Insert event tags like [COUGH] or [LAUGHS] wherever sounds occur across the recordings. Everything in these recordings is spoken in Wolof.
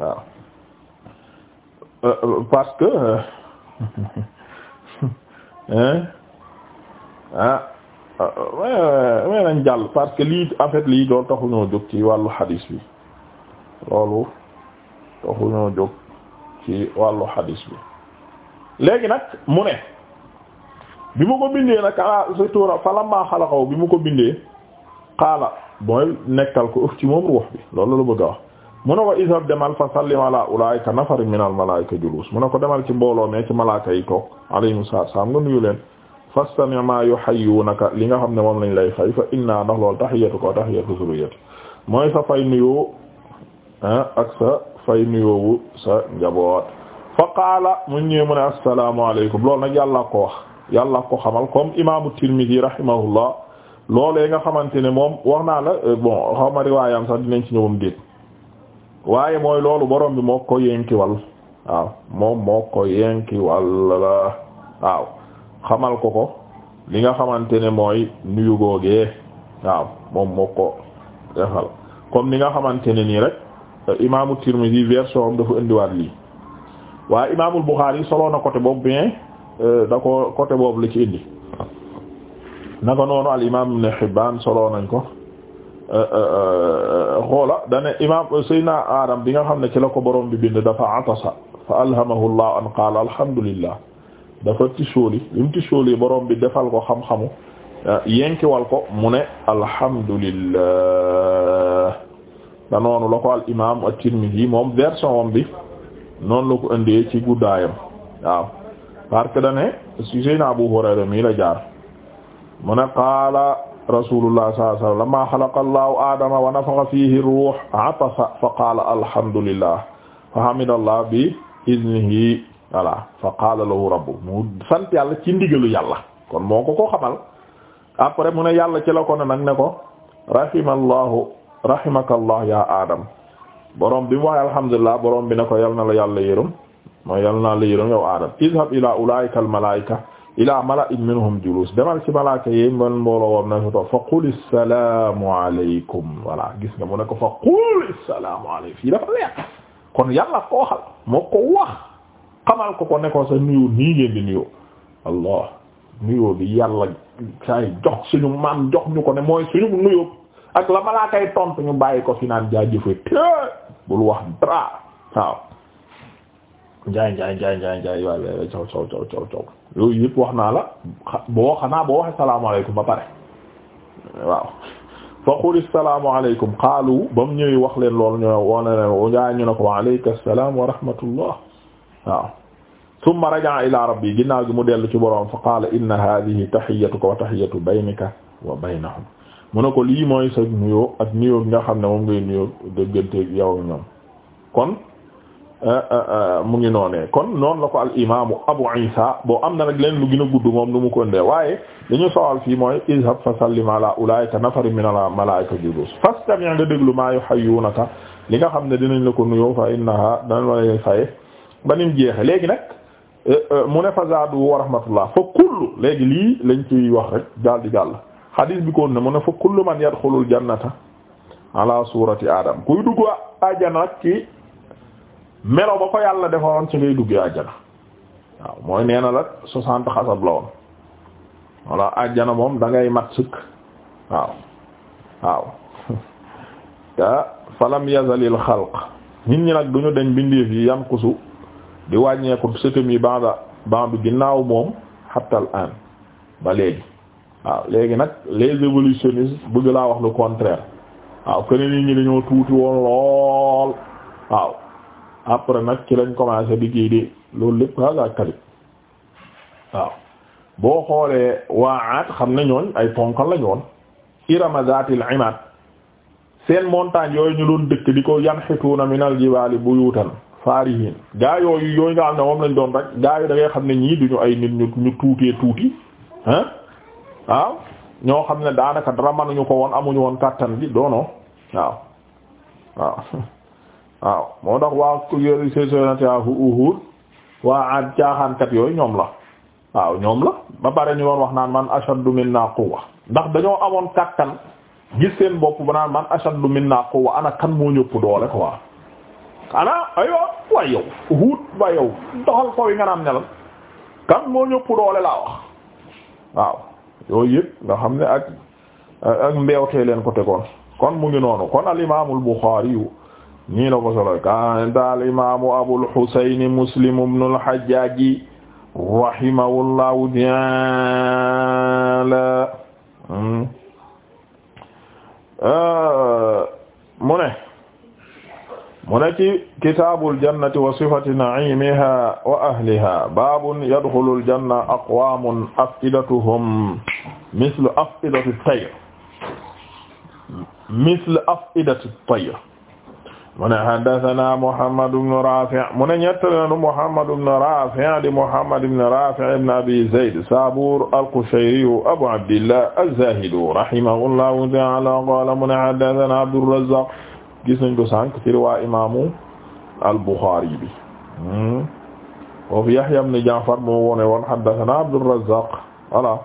waaw euh, euh, parce que euh, [LAUGHS] ah way nañ jàll parce que lii en fait lii doon taxu jóg ci wàllu xadis bi loolu taxu jóg ci wàllu xadis bi léegi nag mu ne bi mu ko bindee nag ala ah, surtout falamma xalaqaw bi mu ko bindee xaala mooy nekkal ko ëf ci moom ruux bi loolu la bëgg a wax mun ne ko izhab demal fa sallim ala ulaa'ika nafarin minal malaa'ika juluus mu ne ko demal ci mbooloo mee ci malaaka yi toog alayhimu salaam nga nuyu leen fastami' maa yuhayyuunaka li nga xam ne moom lañu lay fay fa inna ndax lool tahiyyatuka wa tahiyyatu zurriyyati mooy sa fay nuyoo ah, ak sa fay nuyoowu sa njaboot fa qaala mu ñëw mu ne assalaamu alaykum loolu nag yàlla ko wax yàlla ko xamal comme imaamu Tirmidhi rahimahullah loolee nga xamante ne moom wax naa la eh, bon xaw ma riwaayam sax dinañ waaye mooy loolu borom bi moo ko yenkiwal waaw moom moo ko yenkiwal la waaw xamal ko ko li nga xamante ne mooy nuyu googee waaw moom moo ko defal comme ni nga xamante ne nii rek euh, imaamu Tirmidhi version am dafa indiwaat lii waaye imaamul Bukhari solo na côté boobu bien euh, da ko côté boobu li ci indi naka noonu al imaam Ibn Hibbaan solo nañ ko. xoola dane imam sayna adam bi nga xam ne ci la ko borom bi bind dafa atasa fa alhamahu allah an qaala alhamdulillah dafa tisóoli li mu tisóoli borom bi defal ko xam-xamu eh, yenkiwal ko mu ne alhamdulillah da noonu la ko al imam at-Tirmidhi moom version am bi noonu la ko indee ci guddaayam waaw parce que dane si sayna Abu Hurayra mi la jaar mu ne qaala rasulullah sallallahu alayhi wa sallam lamma xalaqa allahu aadama wa nafaxa fihi ruux atasa fa qaala alhamdulillah fa hamidallah bi iznihi voilà fa qaala lahu rabbu mu sant yàlla ci ndigalu yàlla kon moo ko ko xamal après mu ne yàlla ci la ko ne nag ne ko rahimallahu rahimakallah ya adam borom bi mu wax alhamdulillah borom bi ne ko yal na la yàlla yërëm mooy yal na la yërëm yow adam izhab ila ulaika al malaika ila mala'in minhum julus demal ci malaaka yi man mbooloo woon na fa qul assalaamu alaykum voilà gis nga mu ne ko fa qul assalaamu alaykum fii dafa leer kon yàlla ko waxal moo ko wax xamal ko ko ne sa nuyoo nii ngeen di nuyoo allah nuyoo bi yàlla saa jox suñu maam jox ñu ko ne mooy suñu nuyoo ak la malaakay tontu ñu bàyyi ko fi naan jaajëfe te bul wax dara njaay njaay njaay njaay njaay caw caw caw caw caw yooyu wax naa la boo xanaa boo waxee salaamaaleykum ba pare waaw fa qul salaamaaleykum qaalu ba mu ñëwee wax leen loolu ñu wane leen njaay ñu ne ko wa alayka salaam wa rahmatullah waaw thumma raja'a ila rabbi ginnaaw gi mu dellu ci boroom fa qaala inna hadhihi tahiyyatuka wa tahiyyatu baynika wa baynahum mu ne ko lii mooy sa nuyoo ak nuyoo bi nga xam ne moom ngay nuyoo dégganteeg Euh, euh, euh, mu ngi noonee kon noonu la ko al imaamu Abu Isa boo am na nag leen lu gën a gudd moom nu mu ko ndee waaye li ñu soxal mooy izhab fa sallim ala ulaa'ika nafarin min al malaa'ika julus fastami' nga déglu maa yuhayyunaka li nga xam ne dinañ la ko nuyoo fa innaha danañ la faye ba nim jeexe léegi nag mu ne fa zaadu wa rahmatullah fa kullu léegi lii lañ ci wax rek daal di jàll xadiis bi ko ne mu ne fa kullu man yadxulul jannata ala surati melo ba ko yàlla defaroon ci ngay duggee àjjana waaw mooy nee na la soixante xasab la woon walla àjjana moom dangay ngay mat sëkk waaw waaw ta [LAUGHS] ah, falam yazalil xalq nit ñi nag duñu deñ bindeef yi yan kusu di wàññeeku sëtëm yi banda bandu ginnaaw moom xatal an ba léegi waaw léegi nag les évolutionnistes bëgg laa wax le contraire waaw keneen nit ñi dañoo tuuti woon lool waaw après nag ci lañ commencé liggéey kii loolu lépp hasa kalib waaw boo xoolee waa aat xam ne ñooñ ay ponkal lañ woon irama zatil imat seen montagne yooyu ñu doon dëkk di ko na yan xituuna minal jibaali buyutan faarihin gaa yooyu yooyu nga xam ne moom lañ doon rek gaa yi da xam ne ñii duñu ay nit ñu ñu tuutee tuuti ah waaw ñoo xam ne daanaka dara mënuñu ko woon amuñu woon kàttan bi doonoo waaw waaw [LAUGHS] waaw moo tax waa yooyu yooyu ñoom la waaw ñoom la ba pare ñu doon wax naan man ashaddu minna quwwa ndax dañoo amoon kàttan gis seen bopp ba naan man ashaddu minna quwwa ana kan ana kan moo ñëpp doole laa wax yooyu yëpp nga xam ne ak ak mbeewtee leen ko tegoon kon mu ngi noonu kon al Buxaari nii la ko solo kanta al imaamu abul husayn muslim ibn al hajjaaj rahimahullahu taala hmm. mu ne mu ne ci kitaabul jannati wa sifati na'iimihaa wa ahlihaa baabun yadxulul janna aqwaamun afidatuhum mislu afidati tayr mislu afidati tayr mu ne haddathana Muhammad ibn Rafi' mu ne ñettalenu Muhammad ibn Rafi' di Muhammad ibn Rafi' ibn Abi Zayd Sabur al-Qushayri Abu Abdillah az-Zahid rahimahullahu ta'ala qala mu ne haddathana Abdurrazzaq gis nañ ko sànq ci riwaa imaamu al-Bukhari bi wa fi Yahya ibn Ja'far moo wone woon haddathana Abdurrazzaq voilà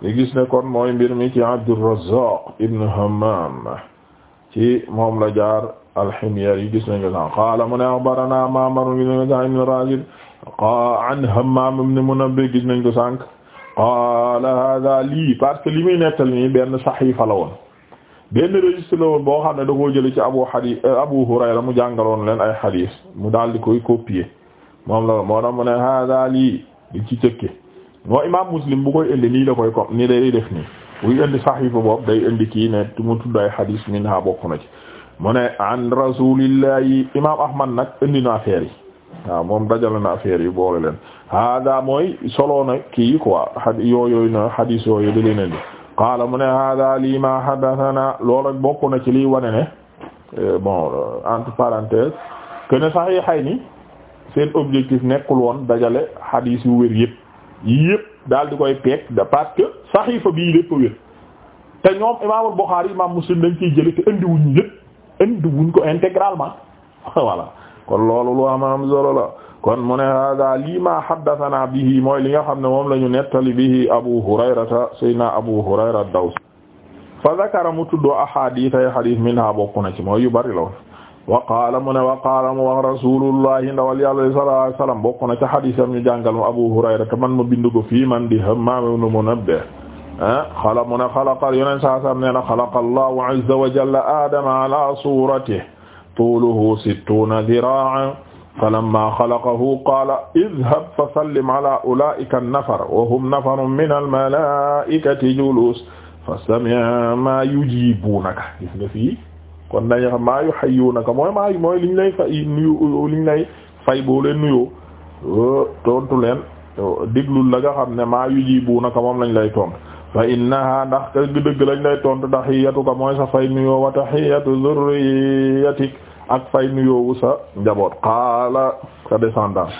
li gis ne kon mooy mbir mi ci Abdurrazzaq ibn Hammam ci moom la jaar alximyari gis nañ ko sax qaala mu ne axbarana Ma'mar gis nañ ko sax ibn Raashid an Hammaam ibn Munabbih gis nañ ko sànq qaala haaza lii parce que li muy nettal nii benn saxiifa la woon benn registre la boo xam ne da koo jëlee ci abu xadis abu Hurayra mu jàngaloon leen ay xadis mu daal di koy copier moom la moo tax mu ne haaza lii di ci cëkke moo imaam Muslim bu koy indi nii la koy ko nii day def nii buy indi saxiifa boobu day indi kii ne mu tudd ay xadis minha bokk na mu ne an rasulillahi imam ahmad nag indi na affaire yi moom dajale na affaire yi boole leen hada mooy solo na kii quoi a yooyooyu na hadis yooyu di qaala mu ne hada lii ma hadathana loolu rek bokk na ci lii wane ne euh, bon euh, entre parenthèses que ne yi xay ni seen objectif nekkul woon dajale hadis yu wér yëpp yëpp daal di koy peeg da parce que saxiifa bii lépp te ñoom imaamul Buxaari imam Muslim dañ ciy jële te indiwuñu yëpp indi wuñ ko intégralement [LAUGHS] voilà kon loolu lu am am solo la kon mu ne hada lii ma haddathana bihi mooy li nga xam ne moom lañu ñu nettali bihi Abu Hurayrata sayna Abu Hurayra Daws fa zakara mu tuddoo ahadith ay hadith minha bokk na ci mooy yu bari la wa qaala mu ne wa qaala mu wax rasulullahi ndawal yàlla sallallahu alayhi wasallam bokk na ci hadith am ñu Abu Hurayrata man ma bind ko fii man di Hammaam ibn Munabbih Eh? xala mu ne xalaqa yoneen saa sam nee na xalaqa allahu azza wa jalla aadama ala suratihi tuuluhu sittuuna ziraa'a falammaa xalaqahu qaala idhab fa sallim ala ulaa'ika an-nafar wa hum nafarun mina al-malaa'ikati juluus fastami' maa yujiibuunaka gis nga fii kon dañuy xam maa yuhayyuunaka mooy maa mooy liñ lay fay nuyu liñ lay fay boo leen nuyoo eh, tontu leen eh, déglul la nga xam ne maa yujiibuunaka moom lañ lay tontu fa innaha ndax ka dëgg lañ lay tontu taxiyatuka mooy sa fay nuyoo wa taxiyatu zurriyatik ak fay nuyoowu sa njaboot qaala sa descendant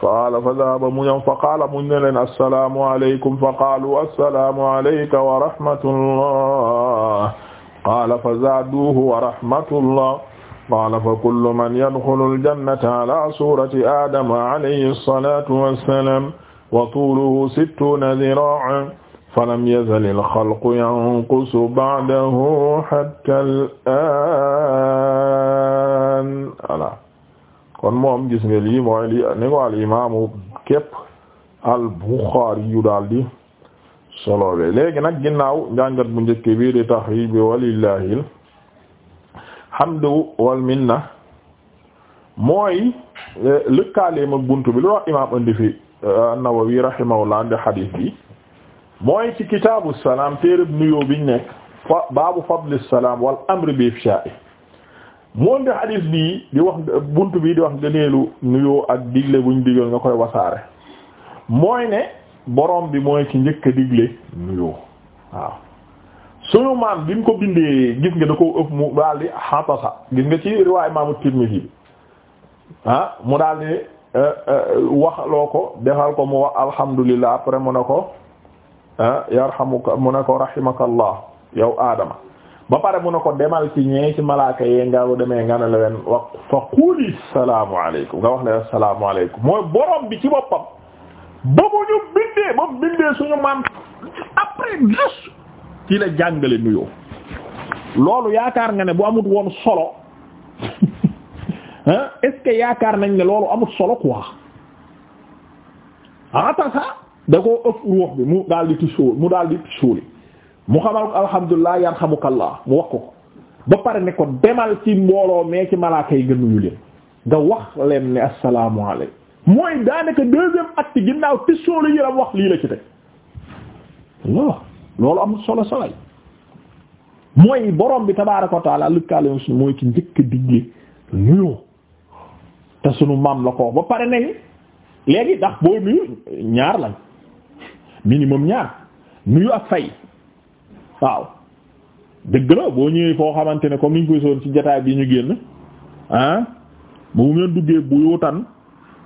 qaala eh, fa dahaba mu ñoom fa qaala mu ne leen assalaamu alaykum fa qaalu assalaamu alayka wa rahmatullah qaala fa zaaduuhu wa rahmatullah qaala fa kullu man yadxulu aljannata ala surati aadama alayhi salatu wassalam wa tuuluhu sittuuna ziraa'an falam yazal al-xalqu yanqusu ba'dahu hatta al-aan voilà kon moom gis nga lii mooy li ni ko al imaamu képp al Buxaari yu daal di solo be léegi nag ginnaaw njàngat bu njëkk bi di taxriij bi walillaahil hamdu wal minna mooy eh, lëkkaaleem ak buntu bi lu wax imaam indi fi an-Nawawi rahimahullah indi xadis bi mooy ci kitaabu salaam téereb nuyoo biñ nekk fa baabu fadli salaam wal amri bi ifshaa'i moo indi xadis bii di wax bunt bi di wax gëneelu nuyoo ak digle buñ digal nga koy wasaare mooy ne borom bi mooy ci njëkk a digle nuyoo waaw suñu maam bi mu ko bindee gis nga da ko ëpp mu daal xatasa gis nga ci riwaay imaamu Tirmidhi bi ah mu daal Euh, euh, waxloo ko defal ko mu wax alhamdulillah après mu ne ko ah, yarhamuka mu ne ko rahimakallah yow Adama ba pare mu ne ko demal ci ñee ci malaaka yee nga demee nga ne la wax fa quli salaamu aleykum mooy borom bi ci boppam ba mu ñu bindee ba mu bindee suñu maam après juste ci la jàngale nuyoo loolu yaakaar nga ne bu amut woon solo est que yaakaar nañ ne loolu amul solo quoi ah, atasa da koo ëpp ruux bi mu daal di mu daal di tisooli mu xamal ko alhamdulilah yarhamukallah mu wax ko ba pare ne ko demal ci mbooloo mee ci malaaka yi nga nuyu leen nga wax leen ne asalaamualeykum mooy daanaka deuxième acte ginnaaw tisooli yi la wax lii la ci teg loolu amul solo salay mooy borom bi tabaaraka wa taala lëkkaale mooy ki njëkk digle nuyoo. te sunu maam la ko ba pare nañ léegi ndax booy nuyu ñaar lañ minimum ñaar nuyu ak fay waaw dëgg la boo ñëwee foo xamante ne comme ni ñu koy soon ci jataay bi ñu génn ah bu ngeen duggee bu yuutan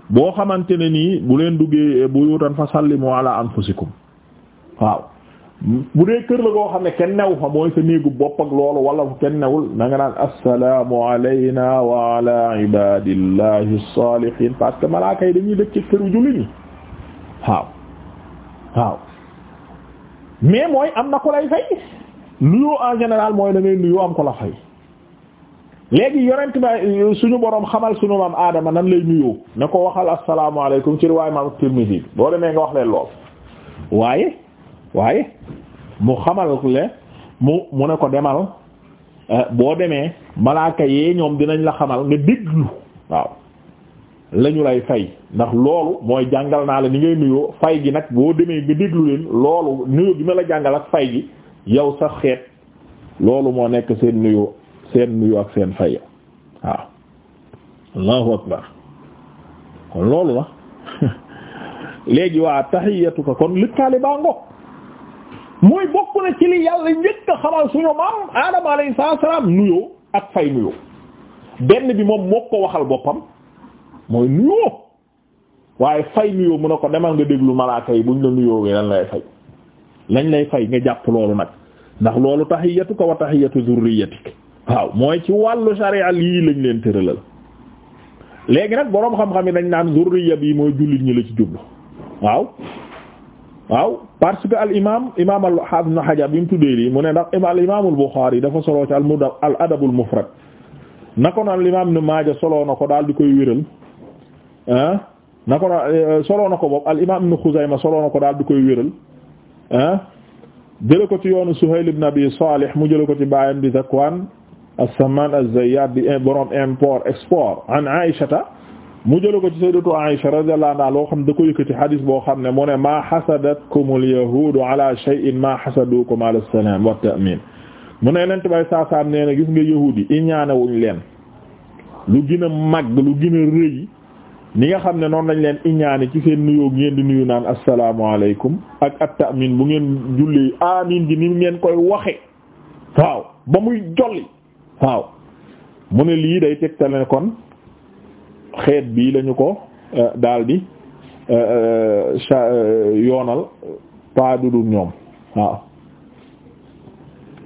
boo xamante ne nii bu leen duggee bu yuutan fa sallimu ala anfusikum waaw bu dee kër la goo xam ne kenn new fa mooy sa néegu bopp ak loolu wala fu kenn newul na nga naan assalaamu alayna wa ala ibadillahi salihin parce que malaaka dañuy dëkk ci këru julli ñi mooy am na mooy da ngay nuyoo am suñu borom xamal suñu maam aadama nan lay nuyoo ne ko alaykum ci riwaay maam Tirmidhi boo demee nga wax leen lool waaye waaye mu xamal le mu mu ne ko demal eh, boo demee malaaka yee ñoom dinañ la xamal nga déglu waaw lañu lay fay ndax loolu mooy jàngal naa la ni ngay nuyoo fay gi nag boo demee nga déglu leen loolu nuyoo bi ma la jàngal ak fay gi yow sa xeet loolu moo nekk seen nuyoo seen nuyoo ak seen fay waaw allahu akbar kon loolu la [LAUGHS] léegi waa taxiyatuka kon lëkkaali baa ngoog mooy bokk na ci li yàlla njëkk xamal suñu maam Adama alayhi salaam nuyoo ak fay nuyoo benn bi moom moo ko waxal boppam mooy nuyoo waaye fay nuyoo mu ne ko demal nga déglu malaaka yi buñ la nuyoowee lan lay dañ lay fay nga jàpp loolu nag ndax loolu tahiyyatuka wa tahiyyatu zurriyyatik waaw mooy ci wàllu sharia lii lañ leen tëralal léegi nag boroom xam-xam yi dañ naan zurriya bi mooy jullit ñi la ci jublu waaw waaw parce que al imam imam al hafiz ibn Hajar bi mu tuddee lii mu ne ndax al imam al Bukhari dafa soloo ci al mudab al adabul mufrad nako na al imam Ibn Maaja soloo na ko daal di koy wéral ah nako na eh, soloo na ko boobu al imam Ibn Xuzayma soloo na ko daal di koy wéral ah jële ko ci yoonu Suhayl ibn Abi Salih mu jële ko ci baayam di Zakwaan as-Sammaan az-Zayyaat di eh, borom import export an Aïshata mu jëlu ko ci sayyidatu Aisha radiyallahu anha loo xam da ko yëkkati hadis boo xam ne mu ne maa hasadatkumul yahudu ala shay'in maa hasadukum ala salaam wa ta'min mu ne yonent bay saasaam nee na gis nga yahuud iñaane wuñ leen lu gën a màgg lu gën a rëy ni nga xam ne noonu lañ leen iñaane ci seen nuyoo ngeen di nuyu naan asalaamaaleykum ak at ta'min bu ngeen jullee amin ji ni ngeen koy waxe waaw ba muy jolli waaw mu ne lii day tegtale kon xeet bii lañu ko euh, daldi euh, euh, yoonal pas du dul ñoom waaw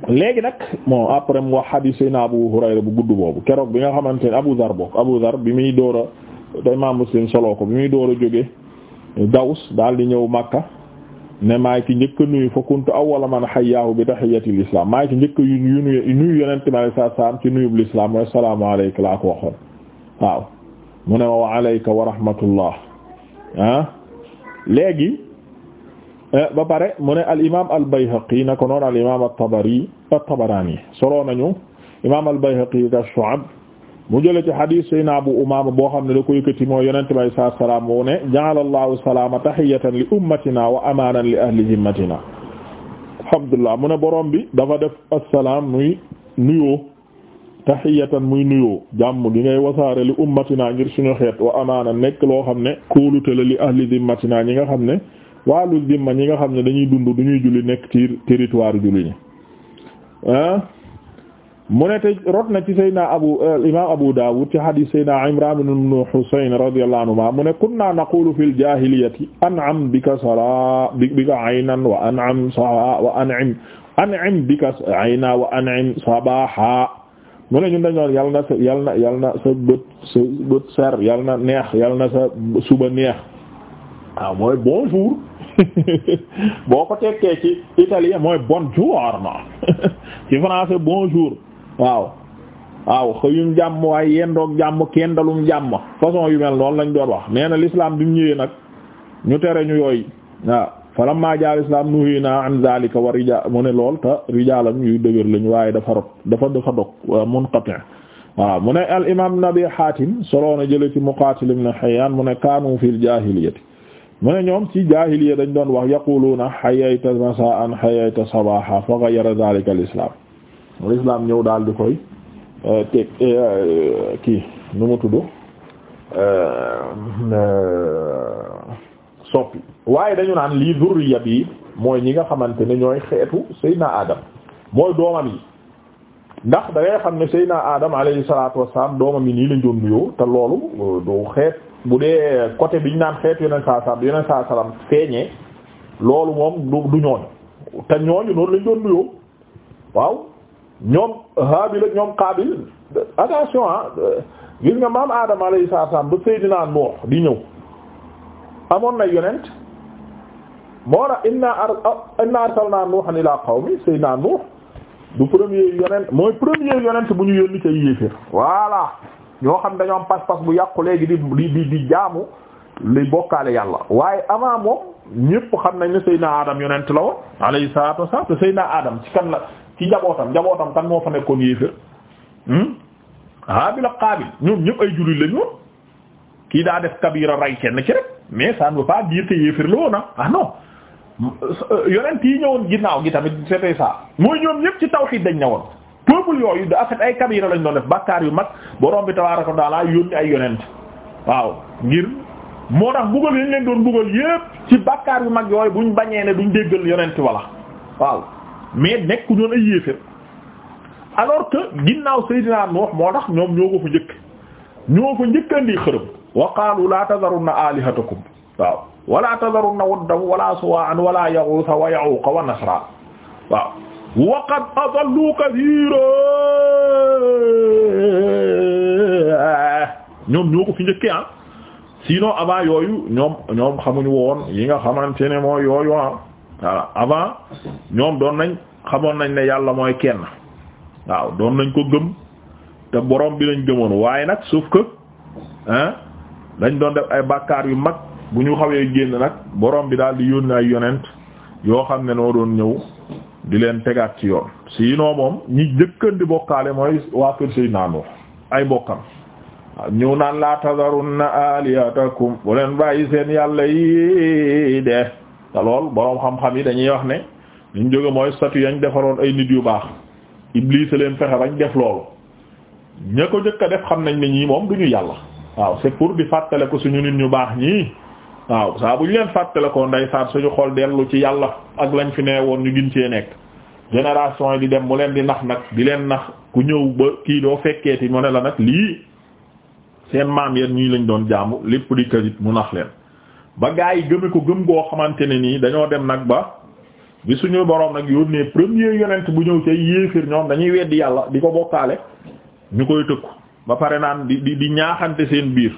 léegi nag bon après mu wax xadiis sayna Abu Hurayra bu gudd boobu keroog bi nga xamante ne Abu Dhar bokk Abu Dhar bi muy door a Imaam Muslim soloo ko bi muy door a jóge Daws di ñëw Makka ne maay ki njëkk nuyu fa kuntu awwala man hayyahu bi tahiyyatil islam maay ki njëkk yu nuyu nuyu yonent mi sallallahu alayhi ci nuyub l'islam wa salaamu alayka laa ko waxoon waaw mu ne wa alayka wa rahmatullah ah léegi eh, ba pare mu ne al imaam al bayhaqi na ko noonu al imaam al tabari al tabaraani solo nañu imaam al bayhaqi mu jële ci hadith sayna abu umaama boo xam ne da ko yëkkati moo yonente bi saa salaam mu ne ja'ala allahu salaama li ummatina wa amaanan li ahli zimmatina alhamdulillah mu ne borom bi dafa def assalaam muy tahiyatan muy nuyoo jàmm gi wasaare li ummatina ngir suñu wa amaana nekk loo xam ne kóolute la li ahli zimmatina ñi nga xam ne wàllu zimma ñi nga xam ne dañuy dund du ñuy julli nekk ci territoire julli ñi ah mu ne te rot ci Seydina Abu euh, Abu Daawud ci hadiis Seydina Imraan ibn Husayn radiyallahu anhumaa mu ne kunna naqulu an'am bika salaa bika aynan wa an'am sahaa mu ne ñun dañoon yal na sa yal na yal na sa bët sa bët ser yal na neex yal na sa suba neex waaw ah, mooy bonjour [LAUGHS] boo ko tekkee ci italien mooy buongiorno [LAUGHS] ci français bonjour waaw waaw xëyum jàmm waaye yendoog jàmm kendalum jàmm façon yu mel noonu lañ doon wax nee na l'islam bi mu nag ñu tere ñu yooyu waaw falamma jaa islam nuhina an zalika wa rija mu ne waaye dafa rot dafa dafa munqati waaw mu ne al imam ibn abi hatim soloona jële ci muqatil ibn mu ne kaanu fil jahiliyati mu ñoom ci jahiliya dañ doon wax yaquluna hayayta masaan hayayta sabaha fa ghayara zalika al islam al islam ñëw daal di koy euh, teg euh, kii nu euh, soppi waaye dañu naan lii zurriya bi mooy ñi nga xamante ne ñooy xeetu Seydina Adam mooy doomam yi ndax da xam ne Seydina Adam alayhi salaatu wassalaam doomam yi nii lañ doon nuyoo te loolu euh, du xeet bu dee côté bi ñu naan xeet yeneen saa salaam yeneen saa salaam feeñee loolu moom du ñooñ te ñooñu noonu lañ doon nuyoo waaw ñoom Haabil ak ñoom Qaabil attention ah gis nga maam Adam alayhi salaatu wassalaam ba Seydina Nuux di ñëw amoon na yonent moo tax inna ar ah, inna arsalna nuuhan ila qawmi sayna nuuh du premier yonent mooy premier yonent bu ñu yónni ca yéeféer voilà ñoo xam dañoo am pas-pas bu yàqu léegi di di di jaamu li bokkaale yàlla waaye avant moom ñépp xam nañ ne Seydina Adam yonent la woon alayhi salaatu wassalaam te Seydina Adam ci kan la ci njabootam njabootam kan moo fa nekkoon yéeféer Haabil hmm? ak Qaabil ñoom ñépp ay jullit lañ woon kii daa def kabira ray kenn ci rek mais ça ne yonent yi ñëwoon ginnaaw gi tamit c'était saa mooy ñoom ñëpp ci tawhid dañ ñëwoon peuple yooyu da afet ay kabira lañ doon def bàkkaar yu mag borom bi tabaaraka wa taala yónni ay yonent waaw ngir moo tax buggal yi leen doon buggal yépp ci bàkkaar yu mag yooyu buñ bañee ne duñ déggal yonent walla waaw mais nekku ñoon ay yéefér alors que ginnaaw Seydina Nuux moo tax ñoom ñoo ko fa njëkk ñoo fa njëkkandi xërëm wa qaalu laa tazarunna alihatakum waaw wala tadarunna waddan wala suwaa'an wala yaghutha wa ya'uqa wa nasra waaw wa qad adallu kathiira ñoom ñoo ko fi njëkkee ah sinon avant yooyu ñoom ñoom xamuñu woon yi nga xamante ne mooy yooyu ah avant ñoom doon nañ xamoon nañ ne yàlla mooy kenn waaw doon nañ ko gëm te borom bi lañ gëmoon waaye nag sauf que ah dañ doon def ay bakaar yu mag. bu ñu xawee génn nag borom bi daal di yónni ay yonent yoo xam ne noo doon ñëw di leen tegaat ci yoon si sinon moom ñi jëkkan di bokkaale mooy waa kër Seydina Nuux ay bokkam ñëw naan laa tazarunna alihatakum bu leen bàyyi seen yàlla yi de te lool boroom xam-xam yi dañuy wax ne ñu jóge mooy statut yañ defaroon ay nit yu baax Iblis leen fexe bañ def loolu ña ko jëkk def xam nañ ne ñii moom duñu yàlla waaw c'est pour di fàttale ko suñu nit waaw saa bu ñu leen fàttalikoo ndeysaan suñu xol dellu ci yàlla ak lañ fi nee woon ñu gin cee nekk génération yi di dem mu leen di nax nag di leen nax ku ñëw ba kii doo fekkeeti mu ne la nag lii seen maam yeen ñii lañ doon jàmbu lépp di kërit mu nax leen ba gaa yi gëme ko gëm goo xamante ne nii dañoo dem nag ba bi suñu boroom nag yónnee premier yonent bu ñëw ci yéefir ñoom dañuy weddi yàlla di ko bokkaale ñu koy tëkku ba pare naan di di di ñaaxante seen biir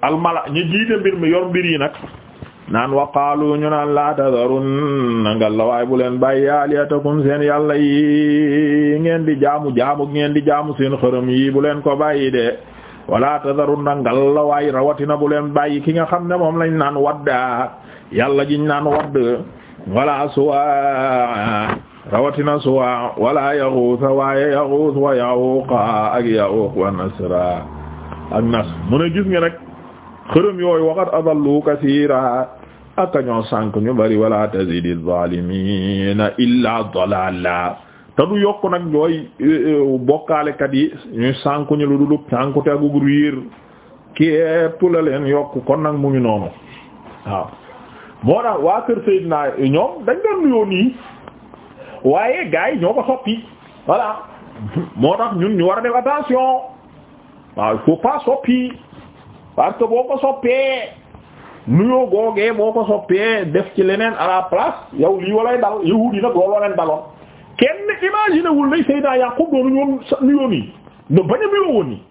almala ñu jiite mbir mi yor mbir yi nag naan waqaalu ñu naan laa tazarunna ngal la bu leen bàyyi aliyatakum seen yàlla yi ngeen di jaamu jaamu ngeen di jaamu seen xërëm yi bu leen ko bàyyi de wala tazarunna ngal la rawatina bu leen bàyyi ki nga xam ne moom lañ naan wadda yàlla jiñ naan wadd wala suwa rawatina suwa wala yaxuusa waaye yaxuus wa ak yaxuuq wa nasra ak nas mu ne gis nga nag xërëm yooyu waxat adallu kasiira ak ñoo sànk ñu bari wala tazidi zalimina illa dalala te du yokk nag yooy e, e, bokkaalekat yi ñu lu dulub sànku te agug riir képp la leen yokk kon nag mu ngi noonu waaw moo tax waa ñoom dañ doon nuyoo waaye gaay yi ñoo ko soppi voilà moo tax ñun ñu war a def attention waaw il faut pas soppi parce que boo ko soppee nuyoo googee boo ko soppee def ci leneen à la place yow lii walay dal yahuud yi nag looloo leen daloon kenn imaginer wul lay Seydina Yaqub doonu ñoon nuyoo nii do bañ a nuyoo woon nii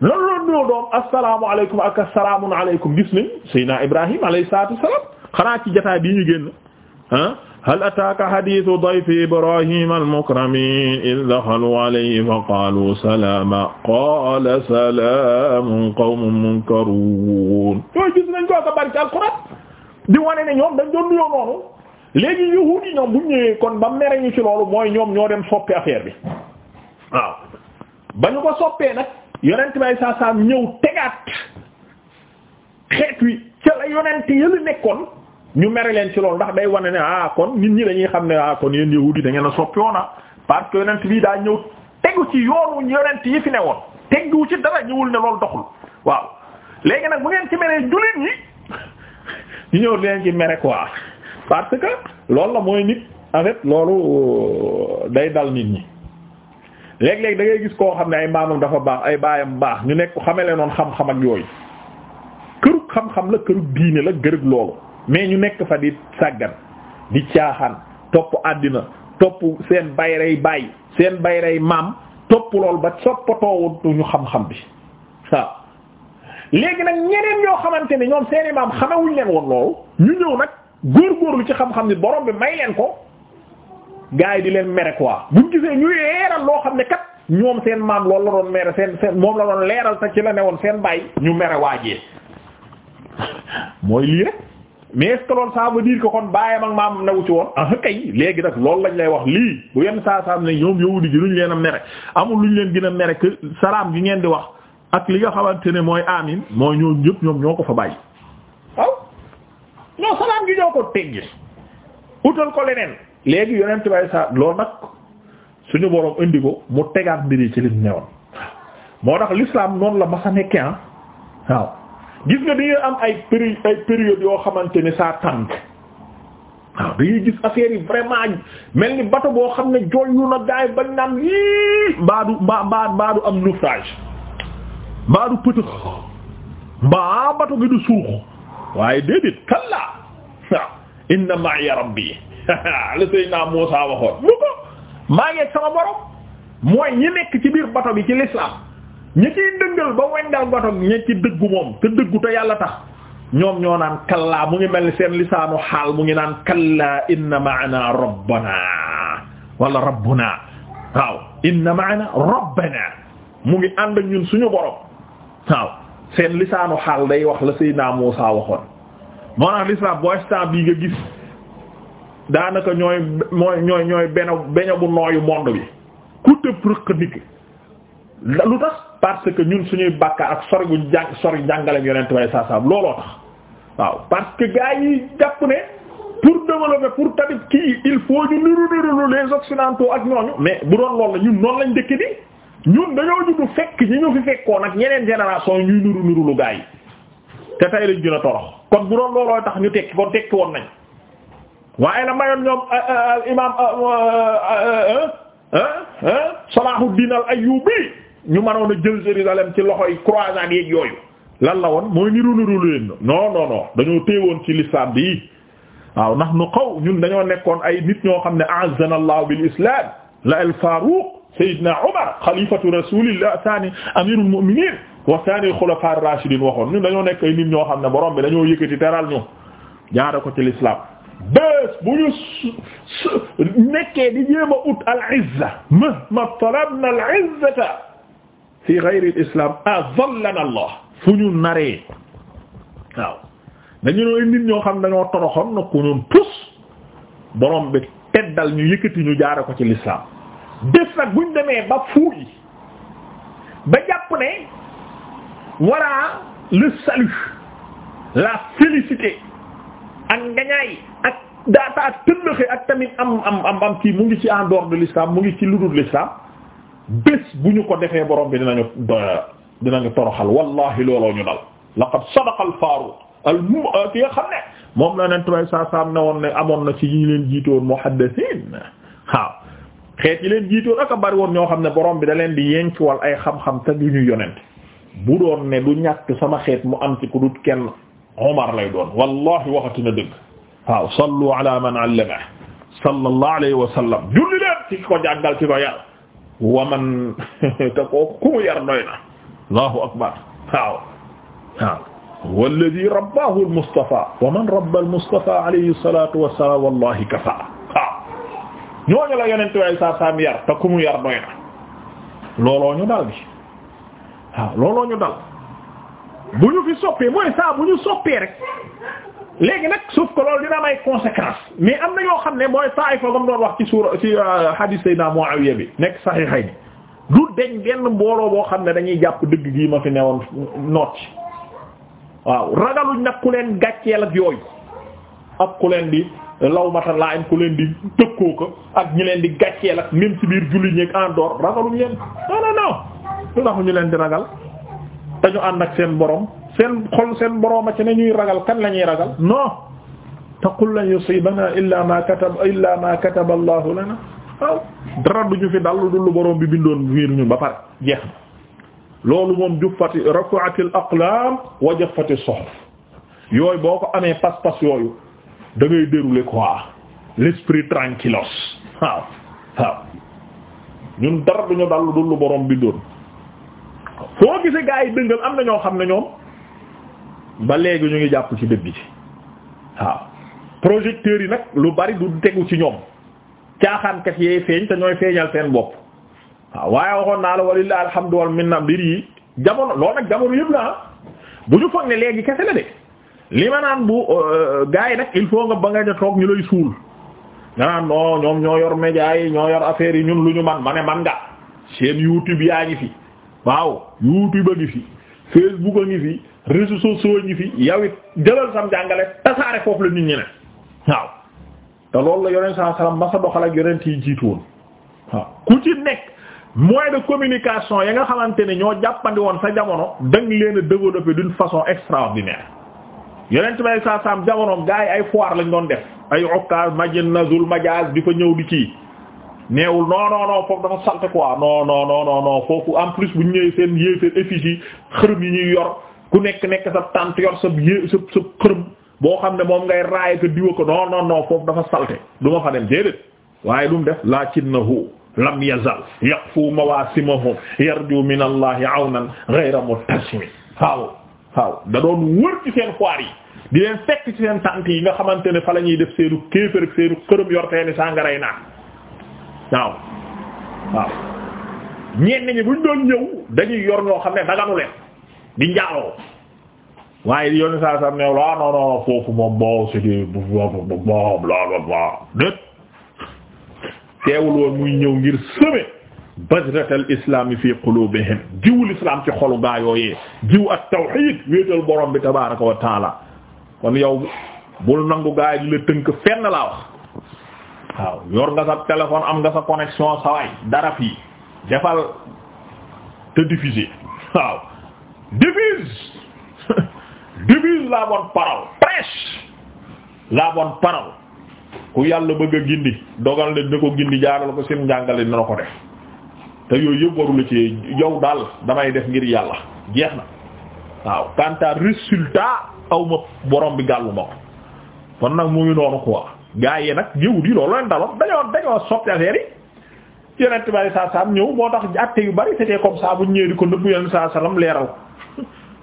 loolu loon nuyoo doom assalaamu alaykum ak assalaamun alaykum gis nañ Seydina Ibrahim alayhi salaatu wa xanaa ci jotaay bii ñu génn ah. hal ataaka hadiisu dayfi ibrahima almukramiin iz daxaluu alayhi fa qaaluu salaama qaala salaamun qawmun munkaruun yooyu gis nañ ko ka bari ci di wane ne ñoom dañ doon nuyoo noonu léegi yahuud ñoom bu ñëwee kon ci loolu mooy ñoom ñoo dem soppi affaire bi waaw ba ñu ko soppee nag bay saa saa tegaat xeet wi ca la yonent yële ñu mere leen ci loolu ndax day wane ne ah kon nit ñi dañuy xam ne ah kon yéen yahuudi da ngeen soppi woon parce que yonent bi daa ñëw tegu ci yoonu yonent yi fi ne woon teguwu ci dara ñëwul ne loolu doxul waaw léegi nag bu ngeen ci meree jullit ñëw leen ci mere ko quoi parce que loolu na mooy nit en fait loolu euh, day dal nit ñi. léeg-léeg da ngay gis koo xam ne ay maamam dafa baax ay baayam baax ñu nekk xamee leen noonu xam-xam ak yooyu kërug xam-xam la kërug diine la gërëg loolu. mais ñu nekk fa di sàggan di caaxaan topp àddina topp seen bayray baay seen bayray maam topp lool ba soppatoowu ñu xam-xam bi waaw léegi nag ñeneen ñoo xamante ni ñoom seeni maam xamewuñ leen woon loolu ñu ñëw nag góor góorgóorlu ci xam-xam ni borom bi may leen ko gars yi di leen mere quoi buñ gisee ñu leeral loo xam ne kat ñoom seen maam loolu la doon mere seen seen moom la doon leeral ta ci la ne woon seen bàyyi ñu mere waajee [LAUGHS] mooy lii rek mais est-ce que loolu ça kon baayam ak maam newu ci woon ah kay léegi nag loolu lañ lay wax lii bu yenn saa saa ne ñoom yahudi gi luñ leen a mere amul lu ñu leen gën a mere que salaam gi ngeen di wax ak li nga xamante ne mooy amin moo ñoom yëpp ñoom ñoo ko fa bàyyi waaw non salaam gi ñoo ko teggi utal ko leneen léegi yonent bay sa loolu nag suñu borom indi ko mu tegaat mbiri ci lim newoon moo tax l'islam noonu la masa nekke ah waaw gis nga di nga am ay péri ay période yoo xamante ne saa tànk waaw dañuy gis affaire yi vraiment mel ni bato boo xam ne jooylu na gaay bañ naan yii mbaadu mbaa mbaa mbaadu am naufrage mbaadu pëtëx mbaa bato gi du suux waaye déedéet kalla waaw inna ma'iya rabbi la Seydina Muusaa waxoon mu ko maa sama borom mooy ñi nekk ci biir bato bi ci l'islam ñi ciy dëngal ba wendal goto ña ci dëggu moom te dëggu te yàlla tax ñoom ñoo naan kallaa mu ngi mel ni seen lisaanu xaal mu ngi naan kallaa inna ma'ana rabbana wala rabbuna waaw inna ma'ana rabbana mu ngi ànd ak ñun suñu borom waaw seen lisaanu xaal day wax la Seydina Muusaa waxoon moo naan lislaam boo bii nga gis daanaka ñooy ñooy ñooy bu nooyu monde bi ku tëb rëq nit lu tax parce que ñun suñuy bàkkaar ak sori gu jàng sori jàngaleem yonent bay saa looloo tax waaw parce que gars yi jàpp ne pour développer pour tamit kii il faut ñu niru niru les occidentaux ak ñooñu mais bu doon loolu la ñun noonu lañ dëkk ni ñun dañoo juddu fekk ñi ñu fi fekkoon ak ñeneen génération ñuy niru niru lu gars yi te tay lañ gën a torox kon bu doon looloo tax ñu tekki kon tekki woon nañ waaye la mayoon ñoom euh, euh, imaam euh, al-Ayyubi ñu mënoon a jël Jérusalem ci loxoy croisades yeeg yooyu lan la woon mooy niru niru leen non non non dañoo téewoon ci l'islam bi waaw ndax nu xaw ñun dañoo nekkoon ay nit ñoo xam ne a'azzana Allah bil islam la al Faruq Seydina Omar xalifatu rasulillah thani amirul mu'minin wa thani xulafa ar-rashidin waxoon ñu dañoo nekk ay nit ñoo xam ne borom bi dañoo yëkkati teral ñu jaare ci l'islam bés bu ñu nekkee di jéem a ut al izza mahma talabna al izzata fi ghayri islam azallana allah fu ñu naree waaw dañu nooy nit ñoo xam dañoo toroxoon na ko ñun tus borom bi teddal ñu yëkkati ñu jaare ko ci l'islam des nag buñ demee ba fuuy ba jàpp ne voilà le salut la félicité ak ngañaay ak daata ak ak tamit am am am am kii mu ngi ci en dehors de l'islam mu ngi ci ludul l'islam bés bu ñu ko defee borom bi dinañu dinañu toroxal wallahi looloo ñu dal laqad sadaqa al faaruq al mu ki nga xam ne moom la nent way saa saam ne woon ne amoon na ci yi leen jiitoon muhaddisiin waaw xeet yi leen jiitoon ak a bari woon ñoo xam ne borom bi da leen di wal ay xam-xam ta du ñu yonent bu doon ne du ñàkk sama xeet mu am ci ku dut kenn Omar lay doon wallahi waxati na dëgg waaw sallu ala man allama sallallahu alayhi wa sallam julli leen ci ko jàngal ci ko waman [LAUGHS] te kooku ku mu yar doy na allahu akbar waaw waaw walladi rabbahu almustafa wa man rabba almustafa alayhi salatu wassalam wallahi kafa waaw ñooñu la yonente way saa saam yar te ku mu yar doy na looloo ñu dal bi waaw looloo ñu dal bu ñu fi soppee mooy saa bu ñu soppee rek léegi nag sauf que loolu dina may conséquence mais am na yoo xam ne mooy taay fa ba mu doon wax ci suura ci euh, hadith Seydina Muawiya bi nekk saxiixay ni du deñ benn mbooloo boo xam ne dañuy jàpp dëgg gii ma fi newoon noot ci waaw ragaluñ nag ku leen gàccee ak yooyu ak ku leen di law mata laañ ku leen di tëkkoo ko ak ñu leen di gàccee ak même ci biir julli ñeeg en dehors ragaluñ leen non non non lu tax ñu leen di ragal dañu ñu ànd ak seen borom. seen xol seen borooma ci ne ñuy ragal kan la ñuy ragal non taqul lan yusibana illa ma kataba illa ma kataba allahu lana waaw fi dal lu boroom bi bindoon biir ñun ba pare jeex na loolu moom juffati rafa'ati al aqlam wa jaffati suhuf yooyu boo ko amee pas-pas yooyu da ngay dérouler quoi l'esprit tranquillos waaw waaw ñun dara du ñu dal lu dul lu boroom bindoon foo gisee gaa yi am na ñoo xam ne ñoom ba léegi ñu ngi jàpp ci dëgg ci waaw projecteurs yi nag lu bari du tegu ci ñoom caaxaankat yee feeñ te ñooy feeñal seen bopp waaw waaye waxoon naa la walillahi alhamdu wal minna mbir yi jamono lool nag jamono yëpp la ah bu ñu foog ne léegi kese la de li ma naan bu euh, gars yi nag il faut nga ba nga toog ñu lay suul nga naan non ñoom ñoo yor média yi ñoo yor affaire yi ñun lu ñu man ma ne man nga seen YouTube yaa ngi fi waaw YouTube a ngi fi Facebook a ngi réseaux sociaux ñi fi yow it jëlal sam jàngale tasaare foofu la nit ñi ne waaw te lool la yonent saa salaam masa doxal ak yonent yi jiitu woon waaw ku ci nekk moyen de communication ya nga xamante ne ñoo jàppandi woon sa jamono dang leen a développer d'une façon extraordinaire yonent bay saa saam jamonoom gars yi ay foire lañ doon def ay occas majin nazul majaas di fa ñëw di kii neewul non noo non foofu dafa salte quoi non non non non foofu en plus bu ñu ñëwee seen yéey seen effigie yi ñuy yor ku nekk nekk sa tànt yor sa yé sa sa xërëm boo xam ne moom ngay raaya ko diwa ko non non non foofu dafa salte du ma fa dem déedéet waaye dum def lakinnahu lam yazal yaqfu mawasimahum yarju min allahi awnan ghayra mutasimi waaw waaw da doon wër ci seen foire yi di leen fekk ci seen tànt yi nga xamante ne fa la ñuy def seenu kéefër ak seenu xërëm yor teeni sàngaray naan waaw waaw ñenn ñi buñ doon ñëw dañuy yor ñoo xam ne daganu leen di njaaloo waaye yoonu saa saa neew la non non foofu moom boo siti bu boo bla bla bla dét teewul woon muy ñëw ngir sëme badratal islami fi qulubihim jiwul islam ci xolu gaa yooyee jiw ak tawhid wéetal borom bi tabaraka wa kon yow bul nangu gaa la tënk fenn laa wax waaw yor nga sa téléphone am nga sa connexion sawaay dara fii defal te diffuser waaw diffuse [LAUGHS] diffuse la bonne parole prêche la bonne parole ku yàlla bëgg a gindi dogal ne dina ko gindi jaaral ko seen njàngale dina ko def te yooyu yëpp warula ci yow daal damay def ngir yàlla jeex na waaw quant à résultat aw ma borom bi gàllu ma ko kon nag mu ngi noonu quoi gaa yi nag jëwut yi loolu leen daloon dañoo dañoo soppi affaire yi yonent bi sallallahu alayhi ñëw moo tax àtte yu bari c'était comme ça bu ñëwee di ko nëbbu yonent sallallahu alayhi wasallam leeral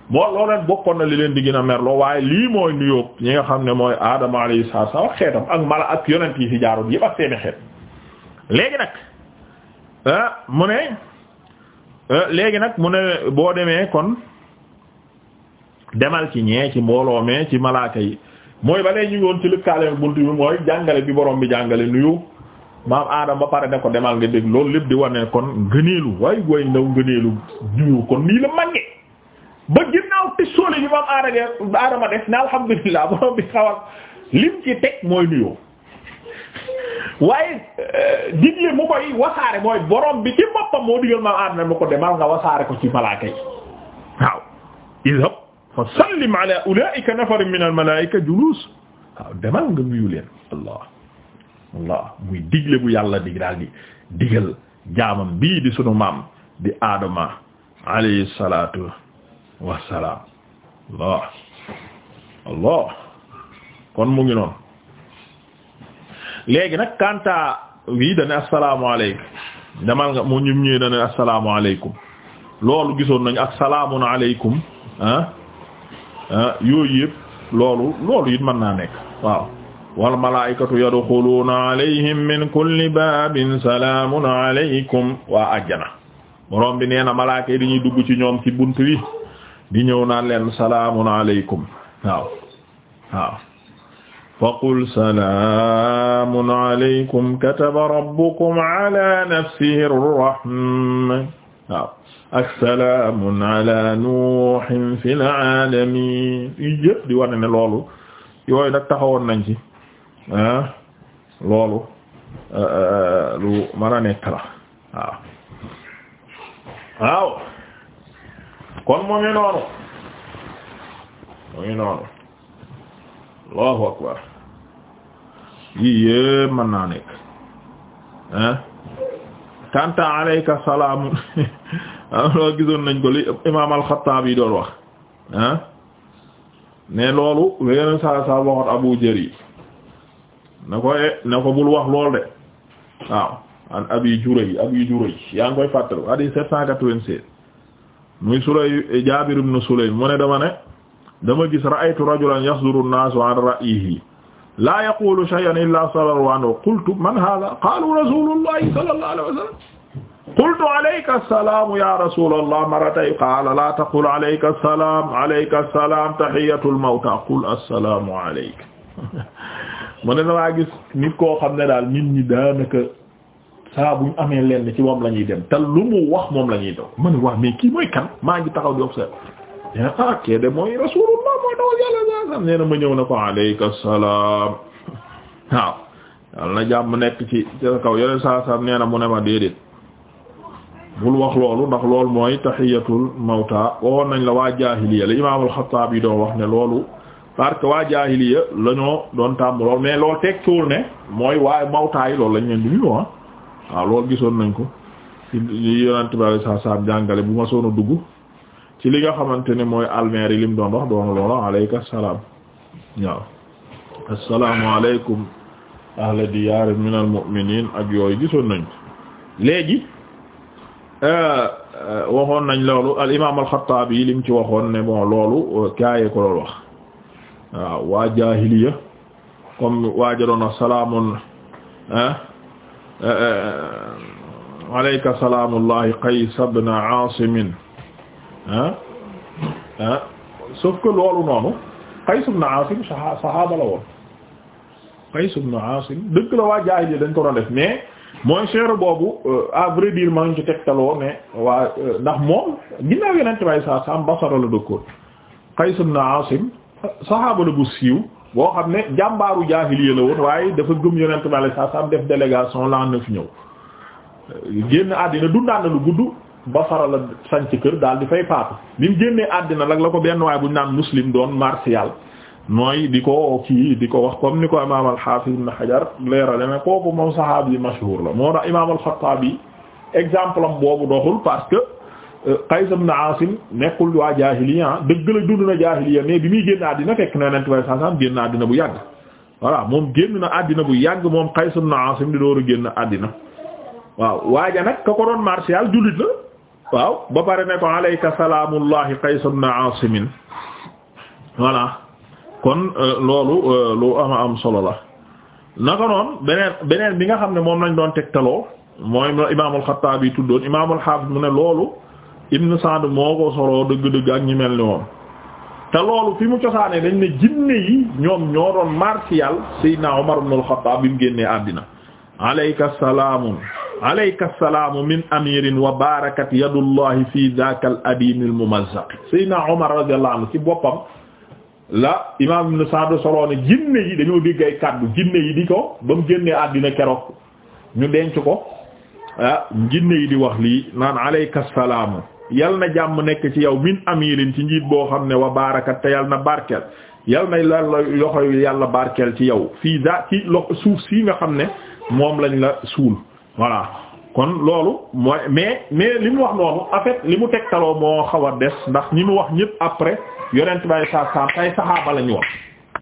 moo loo bokkoon na li leen di gën a merloo waaye lii mooy nuyoo ñi nga xam ne mooy aadama alayhi salaam ak xeetam ak mala ak yonent yi fi jaaroon yëpp ak seeni xeet léegi nag ah, mu ne ah, léegi nag mu ne boo demee kon demal ci ñee ci mbooloo mee ci malaaka yi mooy ba ñu ngi woon ci lëkkaale bunt bi mooy jàngale bi borom bi jàngale nuyu maam aadam ba pare ne ko demal nga dégg loolu lépp di wane kon ngëneelu way way ndaw ngëneelu ba ginnaaw tis soole bi moom aadama aadama def na alhamdulilah [LAUGHS] borom bi xawal lim ci teg mooy nuyoo waaye euh, digle mu koy wasaare mooy borom bi ci boppam moo digal maam aadama mu demal nga wasaare ko ci malaaka yi waaw fa sallim ala ulaika nafarin min al malaika demal nga nuyu leen allah muy digle bu yàlla dig daal di digal jaamam bii di sunu maam di aadama alayhi salatu wassalaam allah allah kon mu ngi noonu léegi nag kanta wii dane assalaamu alaykum demal nga mu ñum ñëwee dane assalaamu alaykum loolu gisoon nañu ak salaamun alaykum ah, ah loolu loolu it mën naa nekk waaw wal malaa'ikatu yadxuluuna alayhim min kulli baabin salaamun alaykum waa ajjana borom bi nee na malaaka yi dugg ci ñoom ci bunt wi di ñëw naan leen salaamun aleykum waaw waaw faqul salaamun aleykum kataba rabbukum ala nafsihi rahma waaw ak salaamun ala nuuhin fil aalamiin yu yëpp di wane ne loolu yooyu nag taxawoon nañ ci ah loolu ah, ah, ah, lu mën a nekk la waaw waaw kon moom ngi noonu mu ngi noonu allahu akbar yii yépp mën naa nekk ah kanta alayka salaamu loo [LAUGHS] gisoon nañ ko li imaam al-Xattaabi doon wax ah ne loolu wéena sa sa waxoon Abu Jarir na ko e na ko bul wax lool de waaw an Abi Juray Abi Juray yaa ngi koy fàttalu hadiis sept cent quatre-vingt-seize muy sulay Jaabir ibn Sulaym mu ne dama ne dama gis ra'aytu rajulan yasduru an-naasu an ra'yihi laa yaqulu shay'an illaa salaru anhu qultu man haadha qaalu rasuulullahi sallallahu alayhi wa sallam qultu alayka salaam ya rasuulallah maratay qaala laa taqul alayka salaam alayka salaam tahiyyatul mawtaa qul assalaamu alayka [LAUGHS] mu ne damaa gis nit koo xam ne daal nit ñi daanaka saa bu ñu amee lenn ci moom lañuy dem te lu mu wax moom la ñuy daw ma ne waa mais kii mooy kan maa ngi taxaw di observe nee eh, ah, mooy rasulullah mooy dawal yàlla saasam ko aleyka salaam waaw na jàmm nekk ci ca yeneen saasam nee na mu ne ma déedéet bul wax loolu ndax loolu mooy tahiyatul mawta waxoon nañ la waa jaahiliya la imaam al yi doon wax ne loolu parce que waa jaahiliya la ñoo doon tàmm lool mais loolu tekkiwul ne mooy waa mawta yi loolu lañ leen di nuyoo ah. waaw loolu gisoon nañ ko ci yonent bi alayhi salaam jàngale bu ma soon a dugg ci li nga xamante ne mooy almeer yi lim doon wax doon loola aleyka salaam waaw assalaamu aleykum ahla diyaar min al mu'miniin ak yooyu gisoon nañ léegi euh, euh, waxoon nañ loolu al imaam al Xattaabi ci waxoon ne bon loolu kaaye euh, ko loolu wax waaw waa jaahiliya comme waajaroon assalaamun ah Eh, eh, eh, alayka salaamullahi Qays ibn Aasim ah ah sauf que loolu noonu Qays ibn Aasim saxaaba la woon Qays ibn Aasim dëkk la waa jaahiliya dañ ko doon def mais mooy seere boobu euh, à vrai dire maa ngi ci tegtaloo ne waa euh, ndax moom ginnaaw yeneen tubaab yi sax Basra la dëkkoon Qays ibn Aasim saxaaba la bu siiw. boo xam ne jàmbaaru jaahiliya la waaye dafa gëm yonent bi alayhi salaam def délégation la na fi ñëw génn àddina dundaan na lu gudd Basra la sanc kër daal di fay faatu bi mu génnee àddina nag la ko benn waaye bu ñu naan muslim doon martial mooy di ko kii di ko wax comme ni ko imaam al-Hafiz Ibn Hajar leerale ne kooku moom saxaabi mashhur la moo tax imaam al-Khattabi exemple am boobu doxul parce que Qays ibn Asim nekkul waa jaahiliya dëgg la dund na jaahiliya mais bi muy génn àddina fekk na Yonent bi sallallahu alayhi wasallam génn àddina bu yàgg voilà moom génn na àddina bu yàgg moom Qays ibn Asim di door génn àddina waaw waaja nag ka ko doon martial jullit la waaw ba pare ne ko alayka salaamullahi Qays ibn Asim voilà kon euh, loolu euh, lu ama am solo la naka noonu beneen beneen bi nga xam ne moom lañ doon tegtaloo mooy imaamul Xattaabi tuddoon Ibn Sa'd moo ko soloo dëgg-dëgg ak ñi mel ni moom te loolu fi mu cosaanee dañ ne jinne yi ñoom ñoo doon martial Seydina Umar ibn al bi mu génnee àddina alayka salaamun alayka salaamu min amirin wa barakat yadullahi fi dhaka al adim al mumazzaq Seydina Umar radiyallahu anhu ci boppam la imam Ibn Sa'd soloo ne jinne yi dañoo dégg kàddu jinne yi di ko ba mu génnee àddina keroog ñu denc ko ah, jinne yi di wax lii naan alayka salaamu yal na jàmm nekk ci yow min amirin ci njiit boo xam ne wa baarakat te yal na barkeel yal na la loxo yu yàlla barkeel ci yow fii da ci loxo suuf sii nga xam ne moom lañ la suul voilà kon loolu mooy mais mais li mu wax noonu en li mu tegtaloo moo xaw a des ndax ñi mu wax ñëpp après yonent bay sa sam tay saxaaba la ñu wax